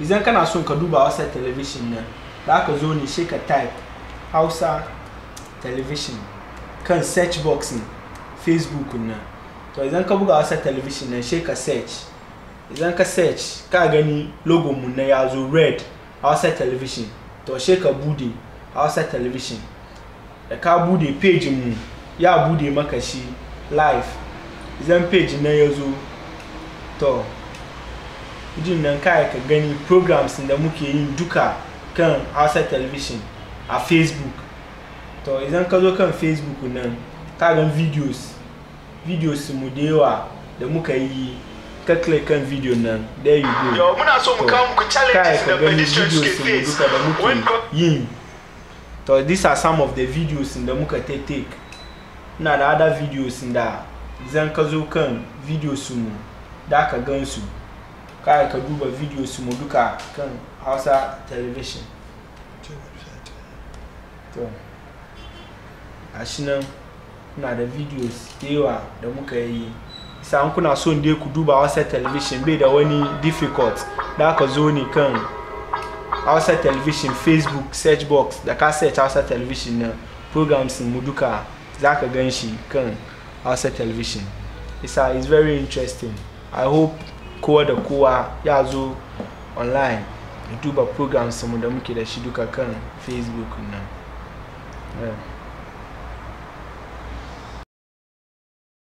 idan kana son ka duba wasa television nan za ka zo ne shi ka type hausa television kan search box ne facebook nan to idan ka buga wasa television nan shi ka search idan ka search ka gani logo mu na ya zo red hausa television to shi ka bude hausa television da ka bude page mu ya bude maka shi live idan page na ya zo to jin nan kai ka gani programs da muke yin duka kan outside television a facebook to idan ka zo kan facebook nan ka gan videos videos mu da yawa da muka yi ka click kan video nan there you go yo muna so mu kawo muku challenges da videos mu duka da muke yin to these are some of the videos da muka take na da other videos da zan ka zo kan videos mu da ka gan su kai ka duba video su mu duka kan hausa television to nan kuna da videos da yawa da muka yi sa'an kuna son dai ku duba hausa television bai da wani difficult da ka zo ne kan hausa television facebook search box da ka search hausa television na programs mu duka za ka gan shi kan hausa television isa is very interesting i hope kowa da kowa ya zo online duba programs mu da muke da shi duka kan facebook nan eh.